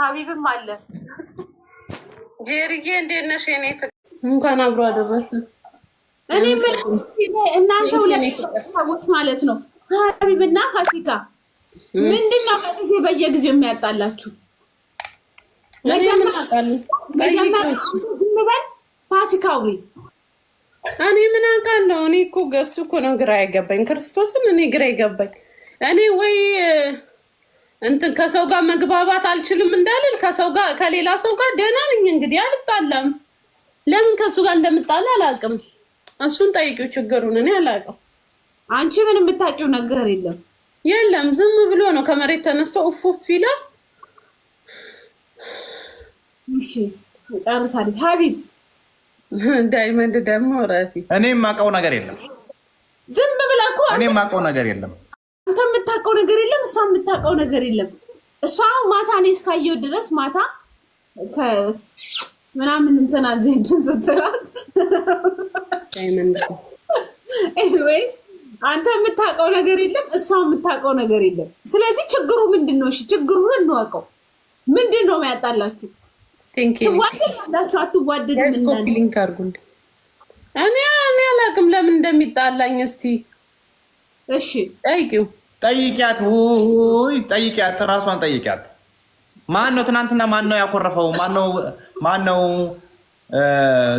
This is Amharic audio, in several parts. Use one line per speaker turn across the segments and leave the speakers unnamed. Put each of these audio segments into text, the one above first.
ሀቢብም አለ።
ጀርጌ እንዴት ነሽ? የኔ ፍቅር
እንኳን አብሮ አደረሰ። እኔ ምን እናንተ ሁለት ሰዎች ማለት ነው ሀቢብና ፋሲካ ምንድን ነው በጊዜ በየጊዜው የሚያጣላችሁ? መጀመሪያ ፋሲካዊ
እኔ ምን አውቃለሁ። እኔ እኮ ገሱ እኮ ነው ግራ የገባኝ ክርስቶስን እኔ ግራ የገባኝ እኔ ወይ እንትን ከሰው ጋር መግባባት አልችልም እንዳልል ከሰው ጋር ከሌላ ሰው ጋር ደህና ነኝ። እንግዲህ አልጣላም። ለምን ከእሱ ጋር እንደምጣላ አላውቅም። እሱን ጠይቂው ችግሩን። እኔ አላውቅም።
አንቺ ምን የምታውቂው ነገር የለም
የለም። ዝም ብሎ ነው ከመሬት ተነስቶ ኡፉፍ ይላል።
እሺ ጨርሳለች ሀቢብ
ዳይመንድ ደግሞ ረፊ
እኔ የማውቀው ነገር የለም።
ዝም ብላ እኮ
እኔ የማውቀው ነገር የለም
የማውቀው ነገር የለም፣ እሷ የምታውቀው ነገር የለም። እሷ ማታ እኔ እስካየው ድረስ ማታ ምናምን እንትና ዜድን ስትላት ኤኒዌይስ አንተ የምታውቀው ነገር የለም፣ እሷ የምታውቀው ነገር የለም። ስለዚህ ችግሩ ምንድን ነው? ችግሩን እንወቀው። ምንድን ነው የሚያጣላችሁ? ትዋደዳላችሁ?
አትዋደዱም? ሊንክ እኔ እኔ አላውቅም ለምን እንደሚጣላኝ። እስቲ እሺ ጠይቂው።
ጠይቂያት ውይ ጠይቂያት፣ ራሷን ጠይቂያት። ማን ነው ትናንትና? ማን ነው ያኮረፈው? ማን ነው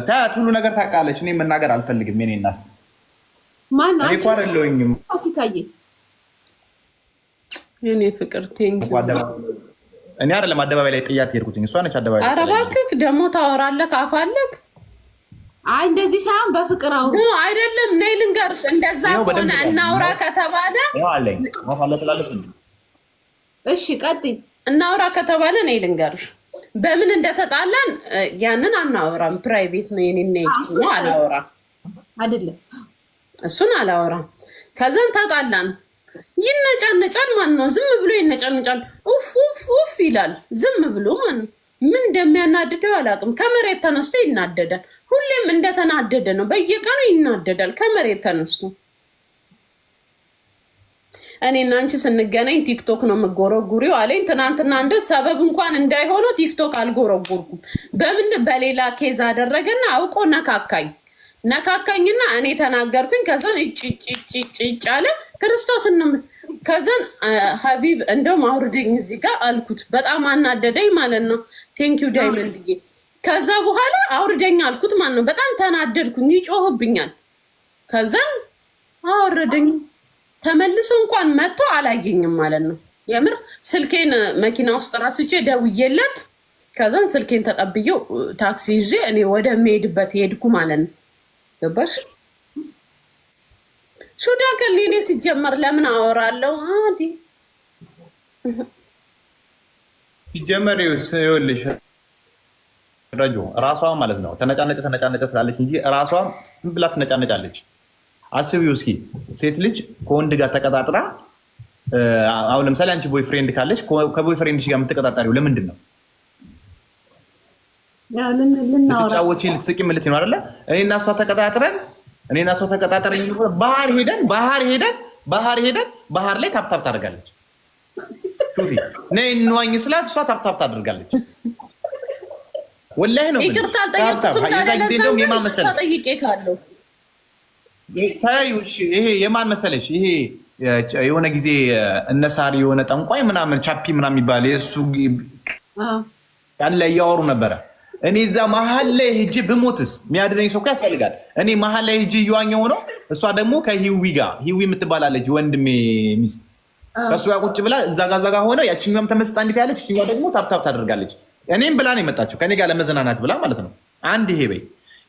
ታያት። ሁሉ ነገር ታውቃለች። እኔ መናገር አልፈልግም። ማን ና ማንኳለኝም
እኔ ፍቅር ቴንኪ
እኔ አይደለም አደባባይ ላይ ጥያት የሄድኩትኝ እሷ ነች።
አደባባይ አረባክክ እባክህ ደግሞ ታወራለህ፣ አፋለክ
አይ እንደዚህ ሳይሆን በፍቅር
አውሩ። አይደለም ነይ ልንገርሽ፣ እንደዛ ከሆነ እናውራ ከተባለ
እሺ፣ ቀጥይ። እናውራ ከተባለ ነይ ልንገርሽ፣ በምን እንደተጣላን ያንን አናወራም። ፕራይቬት ነው የኔና አላወራም፣ አይደለም እሱን አላወራም። ከዛን ተጣላን፣ ይነጫነጫል። ማን ነው ዝም ብሎ ይነጫነጫል? ኡፍ ኡፍ ኡፍ ይላል ዝም ብሎ ማን ነው ምን እንደሚያናድደው አላውቅም። ከመሬት ተነስቶ ይናደዳል። ሁሌም እንደተናደደ ነው። በየቀኑ ይናደዳል ከመሬት ተነስቶ። እኔ እና አንቺ ስንገናኝ ቲክቶክ ነው የምጎረጉሪው አለኝ። ትናንትና እንደ ሰበብ እንኳን እንዳይሆነው ቲክቶክ አልጎረጉርኩም። በምን በሌላ ኬዝ አደረገና አውቆ ነካካኝ ነካካኝና እኔ ተናገርኩኝ። ከዛን እጭጭጭጭጭ አለ ክርስቶስ ከዛን ሀቢብ እንደውም አውርደኝ እዚህ ጋር አልኩት። በጣም አናደደኝ ማለት ነው። ቴንኪው ዳይመንድዬ። ከዛ በኋላ አውርደኝ አልኩት ማለት ነው። በጣም ተናደድኩኝ፣ ይጮህብኛል። ከዛን አወረደኝ። ተመልሶ እንኳን መጥቶ አላየኝም ማለት ነው። የምር ስልኬን መኪና ውስጥ ራስቼ ደውዬለት ከዛን ስልኬን ተቀብዬው ታክሲ ይዤ እኔ ወደ የምሄድበት ሄድኩ ማለት ነው። ገባሽ? ሱዳ ከሌሌ ሲጀመር ለምን አወራለሁ? አዲ
ሲጀመር ይኸውልሽ ረጁ ራሷ ማለት ነው ተነጫነጨ ተነጫነጨ ትላለች እንጂ ራሷ ዝም ብላ ትነጫነጫለች። አስቢው እስኪ ሴት ልጅ ከወንድ ጋር ተቀጣጥራ አሁን ለምሳሌ አንቺ ቦይ ፍሬንድ ካለች ከቦይ ፍሬንድ ጋር የምትቀጣጠሪው ለምንድን ነው? ልትጫወቺ ልትስቂ ምልት ይኖ አለ እኔ እና እሷ ተቀጣጥረን እኔና ሰው ተቀጣጠረኝ። ባህር ሄደን ባህር ሄደን ባህር ሄደን ባህር ላይ ታፕታፕ ታደርጋለች። ነይ እንዋኝ ስላት እሷ ታፕታፕ ታደርጋለች። ወላሂ ነው ይቅርታ አልጠየኩም። የማን መሰለሽ ይሄ የማን መሰለሽ ይሄ የሆነ ጊዜ እነሳሪ የሆነ ጠንቋይ ምናምን ቻፒ ምናምን የሚባል የእሱ ያን ላይ እያወሩ ነበረ እኔ እዛ መሀል ላይ ሂጂ ብሞትስ የሚያድነኝ ሰው ያስፈልጋል። እኔ መሀል ላይ ሂጂ እየዋኘው ነው። እሷ ደግሞ ከሂዊ ጋር ሂዊ የምትባላለች ወንድሜ ሚስት ከእሱ ጋር ቁጭ ብላ እዛ ጋ እዛ ሆነ። ያችኛም ተመስጣ እንዴት ያለች፣ እኛ ደግሞ ታብታብ ታደርጋለች። እኔም ብላ ነው የመጣችው ከኔ ጋር ለመዝናናት ብላ ማለት ነው። አንድ ይሄ በይ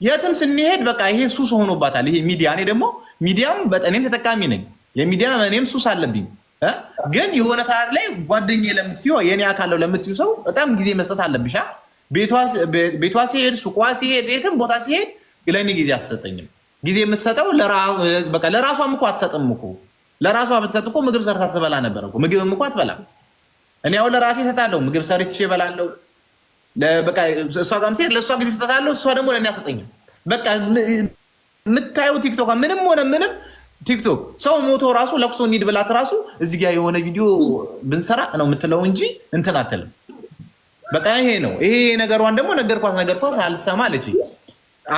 የትም ስንሄድ በቃ ይሄ ሱስ ሆኖባታል። ይሄ ሚዲያ እኔ ደግሞ ሚዲያም በጠኔም ተጠቃሚ ነኝ። የሚዲያ እኔም ሱስ አለብኝ። ግን የሆነ ሰዓት ላይ ጓደኛ ለምትዩ የኔ አካለው ለምትዩ ሰው በጣም ጊዜ መስጠት አለብሻ ቤቷ ሲሄድ፣ ሱቋ ሲሄድ፣ የትም ቦታ ሲሄድ ለእኔ ጊዜ አትሰጠኝም። ጊዜ የምትሰጠው ለራሷም እኮ አትሰጥም እኮ ለራሷ ብትሰጥ እኮ ምግብ ሰርታ ትበላ ነበር እኮ። ምግብም እኮ አትበላም። እኔ አሁን ለራሴ እሰጣለሁ፣ ምግብ ሰርቼ እበላለሁ። እሷ ጋርም ሲሄድ ለእሷ ጊዜ እሰጣለሁ፣ እሷ ደግሞ ለእኔ አትሰጠኝም። በቃ የምታየው ቲክቶክ ምንም ሆነ ምንም ቲክቶክ ሰው ሞቶ ራሱ ለቅሶ እንሂድ ብላት ራሱ እዚህ ጋር የሆነ ቪዲዮ ብንሰራ ነው የምትለው እንጂ እንትን አትልም። በቃ ይሄ ነው። ይሄ ነገሯን ደግሞ ነገርኳት ነገርኳት አልሰማ አለች።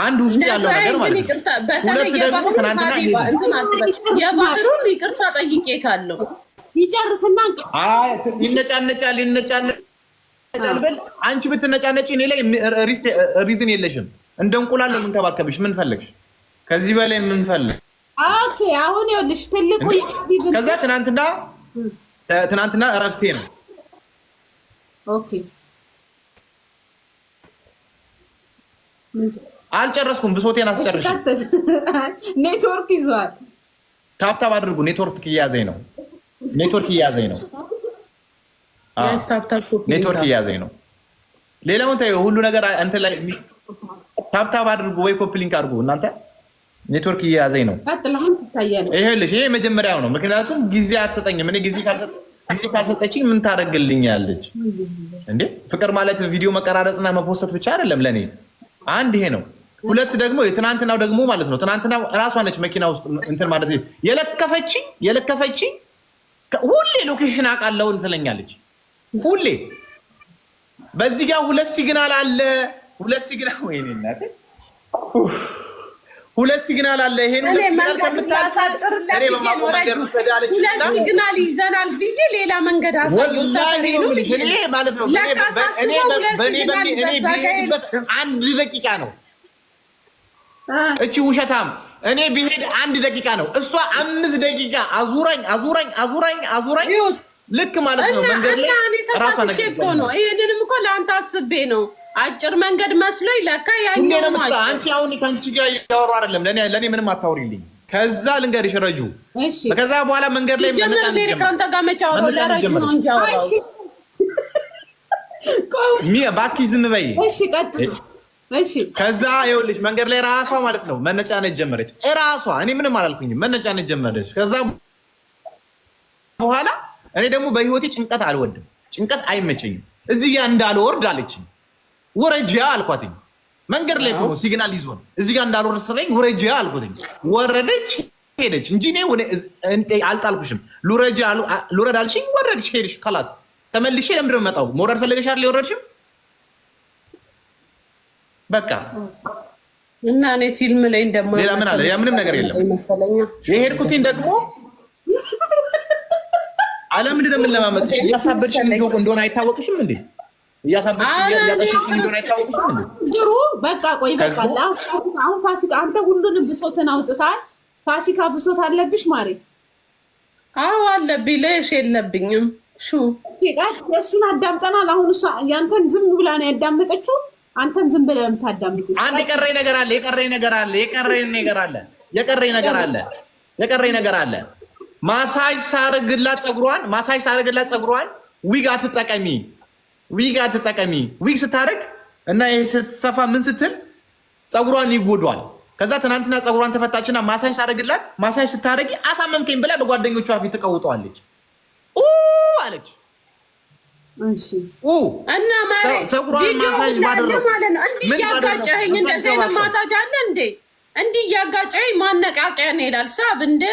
አንድ ውስጥ
ያለው ነገር ማለት ነውየባህሩን ይቅርታ ጠይቄ ካለው ይጨርስና
ይነጫነጫል ይነጫነጫል በል አንቺ ብትነጫነጭ እኔ ላይ ሪዝን የለሽም። እንደ እንቁላል የምንከባከብሽ ምን ፈለግሽ? ከዚህ በላይ ምን ፈለግ?
ኦኬ አሁን ይኸውልሽ ትልቁ
ከዛ ትናንትና ትናንትና እረፍሴ ነው ኦኬ አልጨረስኩም። ብሶቴን
አስጨርሽ። ኔትወርክ ይዟል።
ታብታብ አድርጉ። ኔትወርክ እያዘኝ ነው። ኔትወርክ እያዘኝ ነው። ኔትወርክ እያዘኝ ነው። ሌላውን ታ ሁሉ ነገር እንትን ላይ ታብታብ አድርጉ ወይ ኮፕሊንክ አድርጉ እናንተ። ኔትወርክ እያዘኝ ነው። ይኸውልሽ ይሄ መጀመሪያው ነው። ምክንያቱም ጊዜ አትሰጠኝም። እኔ ጊዜ ካልሰጠችኝ ምን ታደርግልኛለች እንዴ? ፍቅር ማለት ቪዲዮ መቀራረጽና መፖሰት ብቻ አይደለም ለእኔ አንድ ይሄ ነው። ሁለት ደግሞ የትናንትናው ደግሞ ማለት ነው። ትናንትና ራሷ ነች መኪና ውስጥ እንትን ማለት የለከፈች የለከፈች ሁሌ ሎኬሽን አውቃለሁን ትለኛለች ሁሌ። በዚህ ጋር ሁለት ሲግናል አለ ሁለት ሲግናል ወይኔ እናቴ ሁለት ሲግናል አለ። ይሄን
ሁለት ሲግናል እኔ መንገድ ውሰድ ሁለት ሲግናል ይዘናል ብዬ ሌላ መንገድ አሳየው
ሰፈሬ ነው እኔ ማለት ነው። አንድ ደቂቃ ነው እቺ ውሸታም። እኔ ብሄድ አንድ ደቂቃ ነው፣ እሷ አምስት ደቂቃ አዙረኝ አዙረኝ አዙረኝ አዙረኝ ልክ ማለት
ነው። መንገድ ላይ ራሷ ነው። ይሄንንም እኮ ለአንተ አስቤ ነው አጭር መንገድ መስሎ ይለካ
ያኛው ነው። አንቺ አሁን ከአንቺ ጋር እያወሩ አይደለም። ለእኔ ለእኔ ምንም አታውሪልኝ። ከዛ ልንገርሽ ረጁ፣ ከዛ በኋላ መንገድ
ላይ ከአንተ ጋር መቼ አወራሁ? ለረጁ ነው እንጂ አወራሁ።
እባክሽ ዝም በይ ከዛ ይኸውልሽ መንገድ ላይ ራሷ ማለት ነው መነጫነጭ ጀመረች። ራሷ እኔ ምንም አላልኩኝም፣ መነጫነጭ ጀመረች። ከዛ በኋላ እኔ ደግሞ በህይወቴ ጭንቀት አልወድም፣ ጭንቀት አይመቸኝም። እዚህ ያ እንዳልወርድ አለችኝ። ወረጂያ አልኳትኝ። መንገድ ላይ ቆሞ ሲግናል ይዞ ነው እዚህ ጋር እንዳልወረድ ስለኝ ወረጂያ አልኳትኝ። ወረደች ሄደች እንጂ እኔ አልጣልኩሽም። ልውረድ አልሽኝ፣ ወረድሽ ሄድሽ። ከላስ ተመልሼ ለምንድን መጣው የምመጣው? መውረድ ፈለገሽ አይደል የወረድሽም? በቃ
እና እኔ ፊልም ላይ እንደማ
ሌላ ምን አለ? ያ ምንም ነገር የለም። የሄድኩትኝ ደግሞ አለምንድን ነው ለማመጥሽ ያሳበድሽ እንደሆነ አይታወቅሽም እንዴ?
እያሳመችእያጣችግሩ በቃ ቆይ በቃ አሁን ፋሲካ አንተ ሁሉንም ብሶትን አውጥታል። ፋሲካ ብሶት አለብሽ ማሬ?
አዎ አለብኝ። ለሽ የለብኝም
እሱን አዳምጠናል። አሁን ያንተን ዝም ብላ ነው ያዳመጠችው። አንተም ዝም ብለህ ነው የምታዳምጪው።
አንድ የቀረኝ ነገር አለ። የቀረኝ ነገር አለ። የቀረኝ ነገር አለ። የቀረኝ ነገር አለ። የቀረኝ ነገር አለ። ማሳጅ ሳርግላት ፀጉሯን፣ ማሳጅ ሳርግላት ፀጉሯን ዊግ አትጠቀሚ ዊግ አትጠቀሚ። ዊግ ስታደርግ እና ይሄ ስትሰፋ ምን ስትል ፀጉሯን ይጎዷል። ከዛ ትናንትና ፀጉሯን ተፈታችና ማሳጅ ሳደርግላት ማሳጅ ስታደርጊ አሳመምከኝ ብላ በጓደኞቿ ፊት ተቀውጠዋለች አለች።
እና ማሳጅ ባደረግ እንዲህ እያጋጨኸኝ እንደዚህ ዓይነት ማሳጅ አለ እንዴ? እንዲህ እያጋጨኸኝ ማነቃቂያ ነው ይላል ሳብ እንደ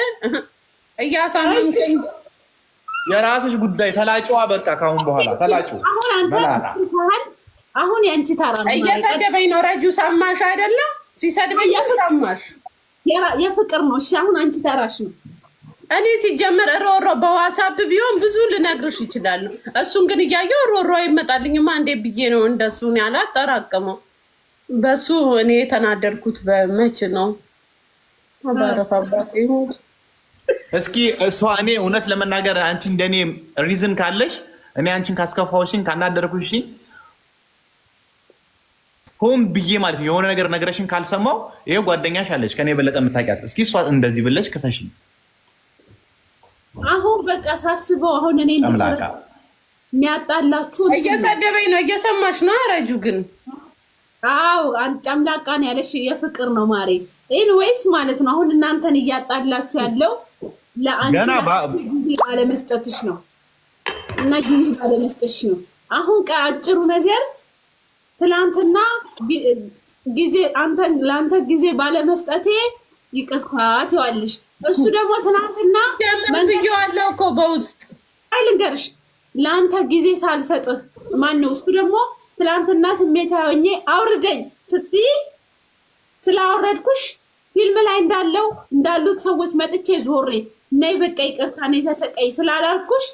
እያሳመምከኝ
የራስሽ ጉዳይ ተላጭዋ። በቃ ካሁን በኋላ ተላጭ።
አሁን የአንቺ ታራ እየሰደበኝ ነው ረጁ። ሰማሽ አይደለም? ሲሰድበኝ ሰማሽ። የፍቅር ነው። እሺ አሁን አንቺ ተራሽ ነው።
እኔ ሲጀመር ሮሮ በዋሳፕ ቢሆን ብዙ ልነግርሽ ይችላሉ። እሱን ግን እያየው ሮሮ ይመጣልኝማ አንዴ ብዬ ነው እንደሱን ያላጠራቅመው። በሱ እኔ የተናደድኩት በመች ነው አባረፋባት ይሁት
እስኪ እሷ እኔ እውነት ለመናገር አንቺ እንደኔ ሪዝን ካለሽ እኔ አንቺን ካስከፋውሽኝ ካናደርኩሽኝ ሆን ብዬ ማለት ነው የሆነ ነገር ነገረሽን ካልሰማው ይሄ ጓደኛሽ አለች ከኔ የበለጠ የምታውቂያት እስኪ እሷ እንደዚህ ብለሽ ክሰሽኝ
አሁን በቃ ሳስበው አሁን እኔ የሚያጣላችሁ
እየሰደበኝ ነው እየሰማሽ ነው አረጁ ግን
አዎ ጨምላቃን ያለሽ የፍቅር ነው ማሬ ኤንዌይስ ማለት ነው አሁን እናንተን እያጣላችሁ ያለው ለአንቺ ባለመስጠትሽ ነው እና ጊዜ ባለመስጠትሽ ነው። አሁን ከአጭሩ ነገር ትላንትና ጊዜ ለአንተ ጊዜ ባለመስጠቴ ይቅርታት ይዋልሽ። እሱ ደግሞ ትናንትና
ብዬዋለው እኮ በውስጥ
አይልንገርሽ ለአንተ ጊዜ ሳልሰጥህ ማን ነው እሱ ደግሞ ትላንትና ስሜት ሆኜ አውርደኝ ስትይ ስላወረድኩሽ ፊልም ላይ እንዳለው እንዳሉት ሰዎች መጥቼ ዞሬ ነይ በቃ ይቅርታ ነው የተሰቀይ ስላላልኩሽ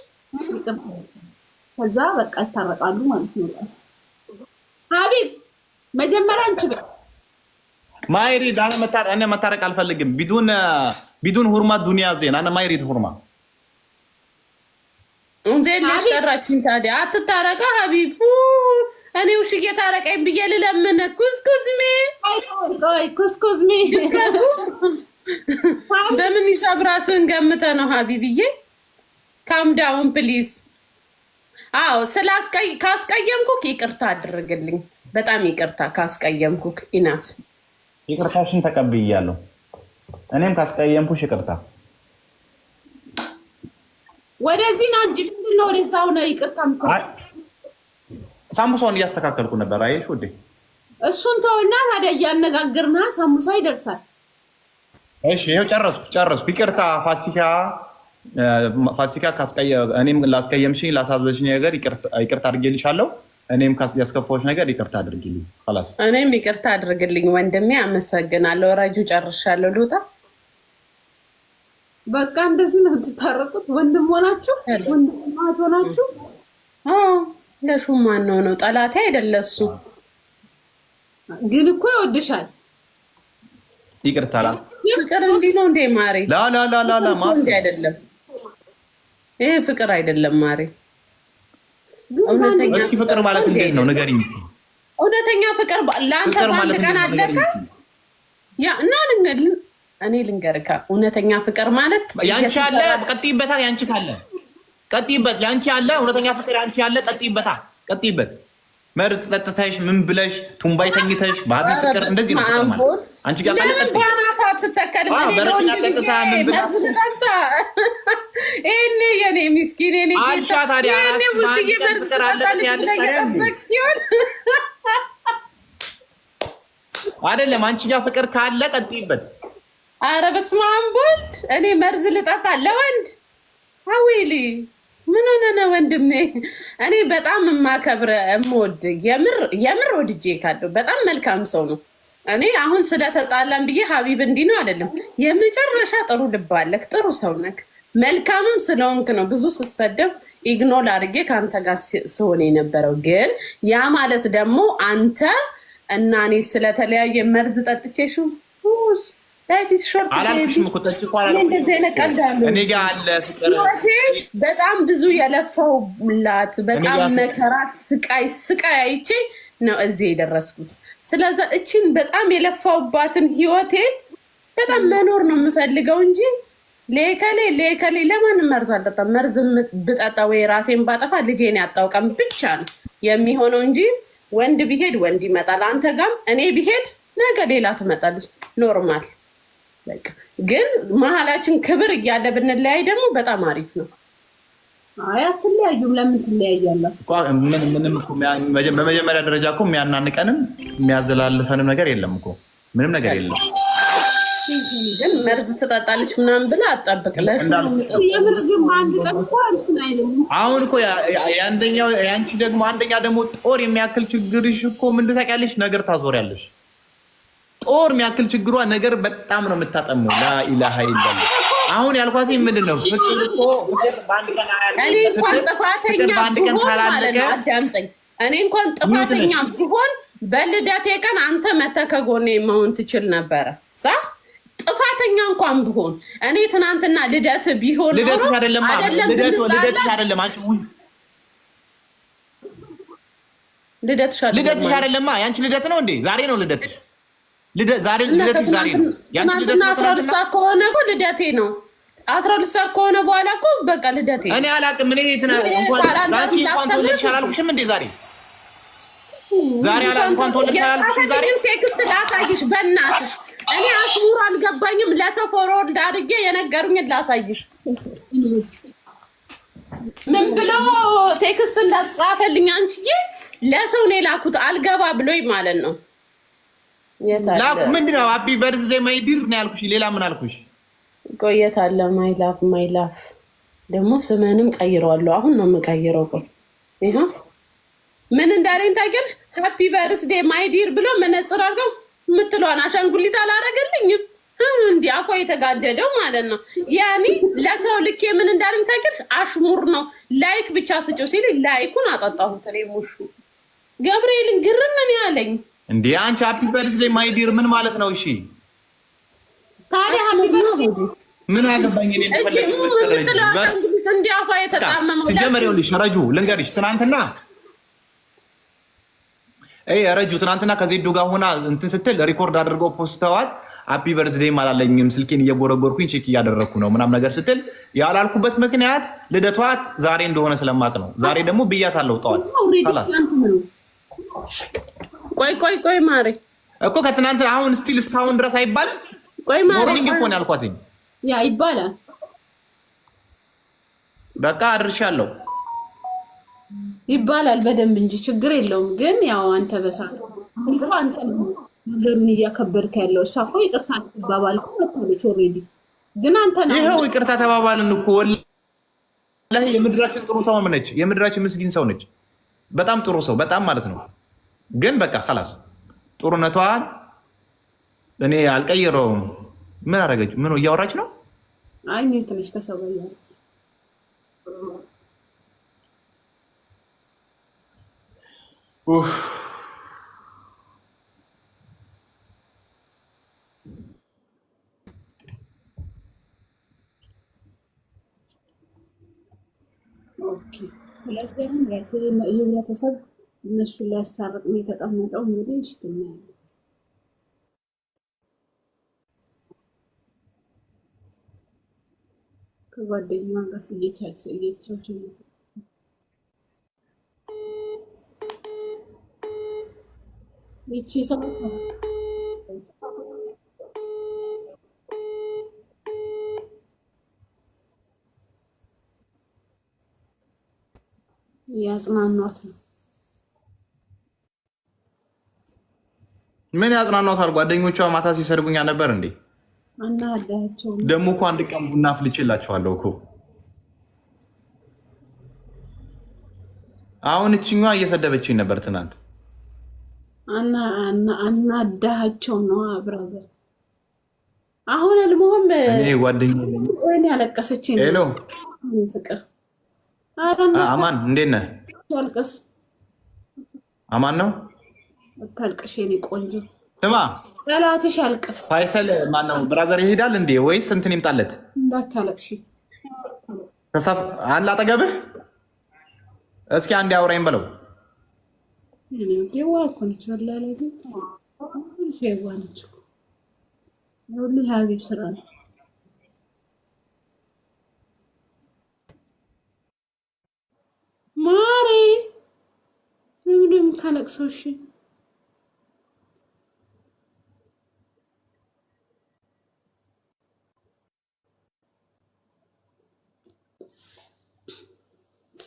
ከዛ በቃ ይታረቃሉ ማለት ነው። ሀቢብ መጀመሪያ አንቺ በ
ማይሪድ አነ መታረቅ አልፈልግም። ቢዱን ቢዱን ሁርማ ዱኒያ ዜን አነ ማይሪድ ሁርማ
ዜን ጠራችን። ታዲያ አትታረቀ ሀቢብ እኔ ውሽ እየታረቀኝ ብዬ ልለምን ኩስኩዝሜ ኩስኩዝሜ በምን ሂሳብ ራስን ገምተ ነው ሀቢብዬ? ዳውን ፕሊዝ። አዎ ካስቀየምኩክ ይቅርታ አድርግልኝ። በጣም ይቅርታ ካስቀየምኩክ። ኢናፍ
ይቅርታሽን ተቀብያለሁ። እኔም ካስቀየምኩሽ ይቅርታ።
ወደዚህ ና እንጂ ምንድነው ወደዛው ነው ይቅርታ
ሳምቡሳውን እያስተካከልኩ ነበር። አየሽ ውዴ፣
እሱን ተውና ታዲያ እያነጋግርና ሳምቡሳ ይደርሳል።
እሺ ይኸው ጨረስኩ ጨረስኩ። ይቅርታ ፋሲካ ፋሲካ፣ እኔም ላስቀየምሽኝ ላሳዘሽኝ ነገር ይቅርታ አድርጌልሻለሁ። እኔም ያስከፋዎች ነገር ይቅርታ አድርግልኝ። ላስ
እኔም ይቅርታ አድርግልኝ ወንድሜ፣ አመሰግናለሁ። ረጁ ጨርሻለሁ፣ ልውጣ።
በቃ እንደዚህ ነው የምትታረቁት። ወንድም ሆናችሁ ወንድም ሆናችሁ ለሹ ማን ነው ነው ጠላቴ አይደለ እሱ ግን እኮ ይወድሻል። ይቅርታላ ላ ፍቅር እንዲህ ነው እንዴ ማሬ?
ማ
እንዲህ አይደለም። ይሄ ፍቅር አይደለም ማሬ።
እስኪ ፍቅር ማለት እንዴት ነው ንገሪኝ።
እውነተኛ ፍቅር ለአንተ በአንድ ቀን አለከ ያ እና ልንገድ እኔ ልንገርካ እውነተኛ ፍቅር ማለት
ያንቺ አለ ቀጥይበታል። ያንቺ ካለ ቀጥይበት። ለአንቺ ያለ እውነተኛ ፍቅር አንቺ ያለ ቀጥይበታ፣ ቀጥይበት። መርዝ ጠጥተሽ ምን ብለሽ ቱምባይ ተኝተሽ ባህቢ ፍቅር
እንደዚህ ነው። አንቺ ጋር ካለ ቀጥ አይደለም። አንቺ
ጋር ፍቅር ካለ ቀጥይበት።
አረ በስመ አብ ወልድ። እኔ መርዝ ልጠጣ ለወንድ አዊሊ ምን ሆነ ነው ወንድሜ? እኔ በጣም የማከብረ የምወድ የምር ወድጄ ካለው በጣም መልካም ሰው ነው። እኔ አሁን ስለተጣላን ብዬ ሀቢብ እንዲህ ነው አይደለም። የመጨረሻ ጥሩ ልብ አለክ፣ ጥሩ ሰው ነክ፣ መልካምም ስለሆንክ ነው ብዙ ስሰደብ ኢግኖል አድርጌ ከአንተ ጋር ስሆን የነበረው። ግን ያ ማለት ደግሞ አንተ እና እኔ ስለተለያየ መርዝ ጠጥቼሹ ላይፍ ሾርት እንደዚህ አይነት ቀልድ አለው። እኔ ጋር አለ ህይወቴ በጣም ብዙ የለፋሁላት በጣም መከራት፣ ስቃይ ስቃይ አይቼ ነው እዚህ የደረስኩት። ስለዛ እችን በጣም የለፋሁባትን ህይወቴ በጣም መኖር ነው የምፈልገው እንጂ ሌከሌ ሌከሌ ለማንም መርዝ አልጠጣም። መርዝ ብጠጣ ወይ ራሴን ባጠፋ ልጄን ያጣውቀም ብቻ ነው የሚሆነው እንጂ ወንድ ቢሄድ ወንድ ይመጣል። አንተ ጋም እኔ ቢሄድ ነገ ሌላ ትመጣለች። ኖርማል ግን መሀላችን ክብር እያለ ብንለያይ ደግሞ በጣም አሪፍ ነው። አይ አትለያዩም። ለምን ትለያያላችሁ?
ምንም በመጀመሪያ ደረጃ እኮ የሚያናንቀንም የሚያዘላልፈንም ነገር የለም እኮ ምንም ነገር የለም።
ግን መርዝ ትጠጣለች ምናምን ብለህ አጠብቅለሽ።
አሁን እኮ የአንቺ ደግሞ አንደኛ ደግሞ ጦር የሚያክል ችግርሽ እኮ ምንድን ታውቂያለሽ ነገር ታዞሪያለሽ ጦር የሚያክል ችግሯ ነገር በጣም ነው የምታጠሙ። ላኢላሃ ኢላላ አሁን ያልኳት ምንድን ነው ፍቅር እኮ በአንድ ቀን ካላለቀ
እኔ እንኳን ጥፋተኛ ብሆን በልደቴ ቀን አንተ መተህ ከጎኔ መሆን ትችል ነበረ። ሳ ጥፋተኛ እንኳን ብሆን እኔ ትናንትና ልደት ቢሆን
ልደትሽ አይደለም ልደትሽ አይደለም ልደትሽ አይደለማ ያንቺ ልደት ነው እንዴ? ዛሬ ነው ልደትሽ ዛሬ ልደትሽ ዛሬ ነው።
አስራ ሁለት ሰዓት ከሆነ እኮ ልደቴ ነው። አስራ ሁለት ሰዓት ከሆነ በኋላ እኮ በቃ ልደቴ
እኔ እኔ እንኳን ተወለድሽ አላልኩሽም እንዴ ዛሬ ዛሬ
እንኳን ተወለድሽ አላልኩሽም። ዛሬ ቴክስት ላሳይሽ በእናትሽ እኔ አልገባኝም። ለሰው ፎርወርድ አድርጌ ላሳይሽ። ምን ብሎ ቴክስት እንዳትጻፈልኝ አንቺዬ፣ ለሰው ነው የላኩት አልገባ ብሎኝ ማለት ነው
ምንድነው? ሀፒ በርዝዴ ማይ ዲር ነው ያልኩሽ። ሌላ ምን አልኩሽ?
ቆየት አለ ማይላፍ ማይላፍ። ደግሞ ስምህንም ቀይረዋለሁ። አሁን ነው የምቀይረው። ቆይ ይሄ ምን እንዳለኝ ታውቂያለሽ? ሀፒ በርዝዴ ማይ ዲር ብሎ መነጽር አድርገው የምትለዋን አሻንጉሊት አላረገልኝም። እንዲህ አፏ የተጋደደው ማለት ነው። ያኔ ለሰው ልክ ምን እንዳለኝ ታውቂያለሽ? አሽሙር ነው ላይክ ብቻ ስጪው ሲል ላይኩን አጠጣሁት። እኔ ሙሹ ገብርኤልን ግርም ምን ያለኝ
እንዴ አንቺ ሃፒ በርዝዴ ማይ ዲር ምን ማለት ነው? እሺ
ታዲያ ሃፒ በርዝዴ ምን አገባኝ እኔ
ረጁ ልንገርሽ፣ ትናንትና አይ ረጁ ትናንትና ከዜዱ ጋር ሆና እንትን ስትል ሪኮርድ አድርገው ፖስተዋል። ሃፒ በርዝዴ አላለኝም ስልኬን እየጎረጎርኩኝ ቼክ እያደረግኩ ነው ምናም ነገር ስትል ያላልኩበት ምክንያት ልደቷት ዛሬ እንደሆነ ስለማቅ ነው። ዛሬ ደግሞ ብያታለሁ ጠዋት
ቆይ ቆይ ቆይ ማሬ
እኮ ከትናንት አሁን ስቲል እስካሁን ድረስ አይባልም። ቆይ ማሬ ሞርኒንግ እኮ ነው ያልኳት።
ያ ይባላል።
በቃ አድርሻለሁ
ይባላል በደንብ እንጂ ችግር የለውም። ግን ያው አንተ በሳ አንተ ነገሩን እያከበድክ ያለው እሷ እኮ ይቅርታ ተባባል ነች። ኦልሬዲ ግን አንተ
ነው ይኸው ይቅርታ ተባባልን እኮ ወላሂ። የምድራችን ጥሩ ሰው ነች። የምድራችን ምስጊን ሰው ነች። በጣም ጥሩ ሰው በጣም ማለት ነው ግን በቃ ከላስ ጥሩነቷን እኔ አልቀይረውም። ምን አረገች? ምን እያወራች ነው?
አይ ነች ከሰው ኦኬ። ስለዚህ እነሱን ሊያስታርቅ ነው የተቀመጠው። እንግዲህ ይሽትኛል ከጓደኛዋ ጋር እየቻቸው እየቻቸው ይቺ ሰው ያጽናኗት ነው።
ምን ያጽናኗታል? ጓደኞቿ ማታ ሲሰድቡኛ ነበር እንዴ? ደግሞ እኮ አንድ ቀን ቡና ፍልቼላቸዋለሁ እኮ። አሁን እችኛ እየሰደበችኝ ነበር ትናንት።
አናዳሃቸው ነው ብራዘር። አሁን አልሞም
ጓደኛዬ ያለቀሰች ሄሎ፣ ፍቅር አማን እንዴት ነህ? አማን ነው
ታልቅሽ የኔ ቆንጆ ስማ፣ ጠላትሽ ያልቅስ።
ፋይሰል ማነው ብራዘር ይሄዳል እንዴ ወይስ እንትን ይምጣለት?
እንዳታለቅሽ
ተሳፍ አለ አጠገብህ። እስኪ አንድ አውራኝ በለው።
የዋህ እኮ ነች፣ በላለዚህ የዋህ ነች። ሁሉ ሀቢብ ስራ ነው። ማሬ ለምንድን የምታለቅሰው? እሺ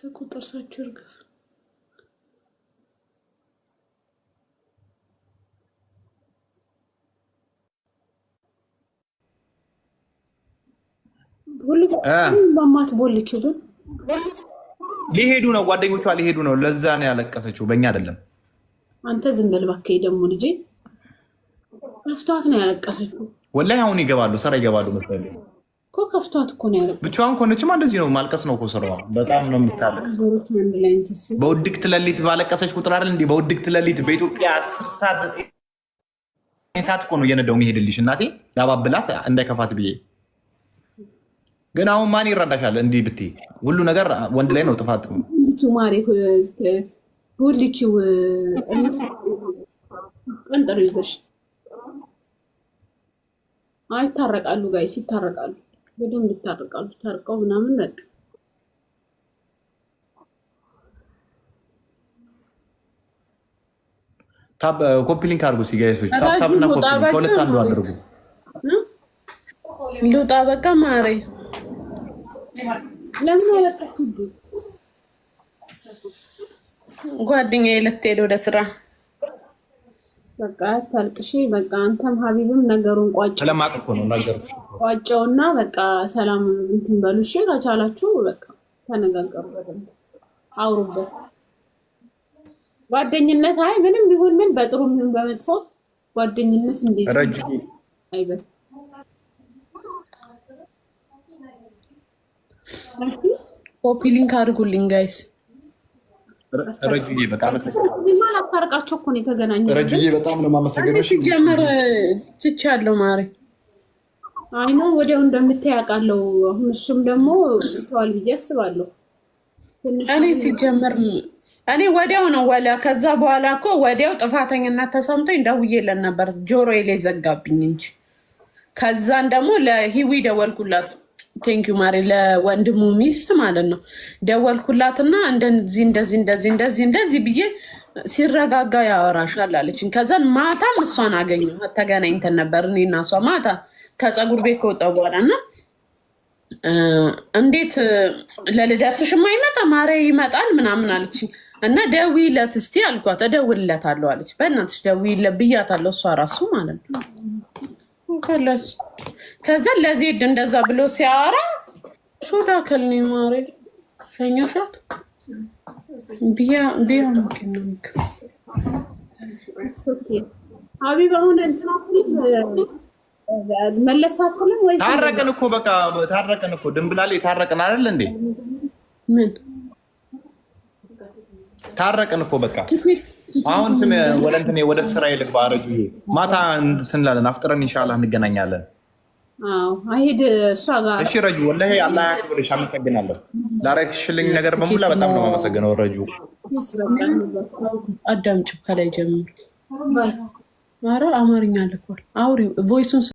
ሳትስቁ ጥርሳችሁ እርግፍ። በማት ቦልኪው ግን
ሊሄዱ ነው፣ ጓደኞቿ ሊሄዱ ነው። ለዛ ነው ያለቀሰችው፣ በእኛ አይደለም።
አንተ ዝም በል እባክህ። ደግሞ ልጄ መፍቷት ነው ያለቀሰችው።
ወላሂ አሁን ይገባሉ፣ ስራ ይገባሉ መስላለሁ
እኮ ከፍቷት እኮ ነው ያለቀ።
ብቻዋን ከሆነችማ እንደዚህ ነው ማልቀስ ነው እኮ ስራዋ። በጣም ነው የምታለቅስ። በውድቅት ለሊት ባለቀሰች ቁጥር አይደል እንዲህ በውድቅት ለሊት በኢትዮጵያ አስር ሰዓት ዘጠኝ እኮ ነው እየነዳው የሚሄድልሽ እናቴ ላባብላት እንዳይከፋት ብዬ። ግን አሁን ማን ይረዳሻል? እንዲህ ብትይ ሁሉ ነገር ወንድ ላይ ነው ጥፋት
ማሪ ሁልኪው ቀንጠሩ ይዘሽ አይታረቃሉ ጋይስ ይታረቃሉ። በደንብ ይታርቃሉ። ታርቀው ምናምን በቃ
ታብ ኮፒ ሊንክ አድርጉ። ሲጋይሶች ታብና ኮፒ ከሁለት አንዱ አድርጉ።
ልውጣ በቃ ማሬ ለምን አለቀ? ጓደኛዬ ልትሄድ ወደ ስራ በቃ አታልቅሺ። በቃ አንተም ሀቢብም ነገሩን
ቋጭ ለማቅቆ ነው ነገሩሽ
ቋጨውና በቃ ሰላም እንትን በሉ እሺ። ከቻላችሁ በቃ ተነጋገሩ፣ በደንብ አውሩበት። ጓደኝነት አይ ምንም ይሁን ምን በጥሩ ምን በመጥፎ ጓደኝነት እንዴት አይበል ኮፒ ሊንክ አድርጉልኝ ጋይስ። ረጁዬ በጣም ላስታርቃቸው እኮ
ነው ረጁዬ በጣም ነው የማመሰግነው።
ሲጀመር ችቻ አለው ማሪ አይኖ ወዲያው እንደምታይ አሁን እሱም ደግሞ ተዋል ብዬ አስባለሁ። እኔ ሲጀመር እኔ ወዲያው ነው ወላ ከዛ በኋላ እኮ ወዲያው ጥፋተኝነት ተሰምቶኝ ደውዬለን ነበር ጆሮዬ ላይ ዘጋብኝ እንጂ ከዛን ደግሞ ለሂዊ ደወልኩላት። ቴንኪዩ ማሪ ለወንድሙ ሚስት ማለት ነው። ደወልኩላትና እንደዚህ እንደዚህ እንደዚህ እንደዚህ እንደዚህ ብዬ ሲረጋጋ ያወራሻል አለችኝ። ከዛን ማታም እሷን አገኘሁ ተገናኝተን ነበር እኔና እሷ ማታ ከፀጉር ቤት ከወጣሁ በኋላ እና እንዴት ለልደርስሽማ ይመጣ ማሪ ይመጣል ምናምን አለችኝ። እና ደውይለት እስቲ አልኳት። እደውልለታለሁ አለች። በእናትሽ ደውይለት ብያታለሁ። እሷ ራሱ ማለት ነው ከለስ ከዛ ለዜድ እንደዛ ብሎ ሲያወራ ሾዳ ከልኒ ማሪ ሸኛሻት ቢያ ቢያ ምክንንክ ሀቢብ አሁን እንትና መለሳትልም
ወይ ታረቅን እኮ በቃ ታረቅን እኮ ድንብላሌ ታረቅን አይደል እንዴ ምን ታረቅን እኮ በቃ አሁን ወደ እንትን ወደ ስራ ይልቅ በአረጁ ማታ ስንላለን አፍጥረን እንሻላ እንገናኛለን። አይሄድ እሷ ጋር እሺ። ረጁ ወላ አላ ያክብርሽ፣ አመሰግናለሁ። ላረግሽልኝ ነገር በሙላ በጣም ነው የማመሰግነው። ረጁ
አዳምጪው ከላይ ጀምር። ኧረ አማርኛ ልኳል። አውሪ ቮይሱን